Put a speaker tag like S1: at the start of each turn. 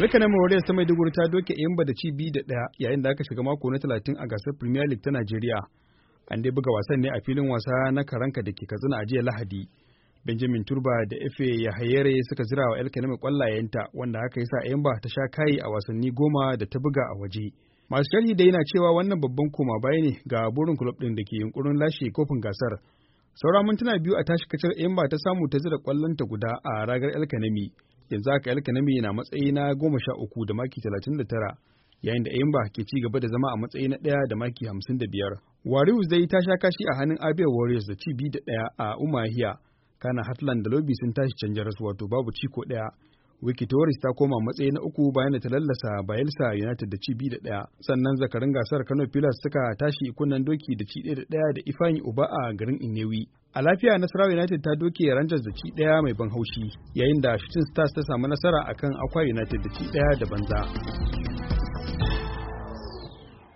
S1: na Morales ta Maiduguri ta doke Imba da ci bi da ɗaya yayin da aka shiga mako na talatin a gasar Premier League ta Najeriya. An dai buga wasan ne a filin wasa na Karanka da ke Katsina a jiya Lahadi. Benjamin Turba da Efe ya Yahayere suka zira wa Elkana mai kwallayenta wanda haka yasa yamba ta sha kayi a wasanni goma da ta buga a waje. Masu sharhi da yana cewa wannan babban koma baya ne ga burin kulob ɗin da ke yunkurin lashe kofin gasar. Saura mintuna biyu a tashi kacar Imba ta samu ta zira kwallonta guda a ragar Elkanami. yanzu haka alkanami na matsayi na goma sha uku da maki talatin da tara yayin da Ayimba ke ci gaba da zama a matsayi na ɗaya da maki hamsin da biyar. Warriors dai ta sha kashi a hannun Abia Warriors da ci biyu da ɗaya a Umahiya. Kana Hatland da Lobby sun tashi canjar rasu wato babu ci ko ɗaya. Wiki ta koma matsayi na uku bayan da ta lallasa Bayelsa United da ci biyu da ɗaya. Sannan zakarin gasar Kano Pillars suka tashi kunnen doki da ci ɗaya da ɗaya da Ifeanyi Uba a garin Inewi. A lafiya Nasarawa United ta doke Rangers da ci ɗaya mai ban haushi yayin da Shooting Stars ta samu nasara akan Akwa United da ci ɗaya da banza.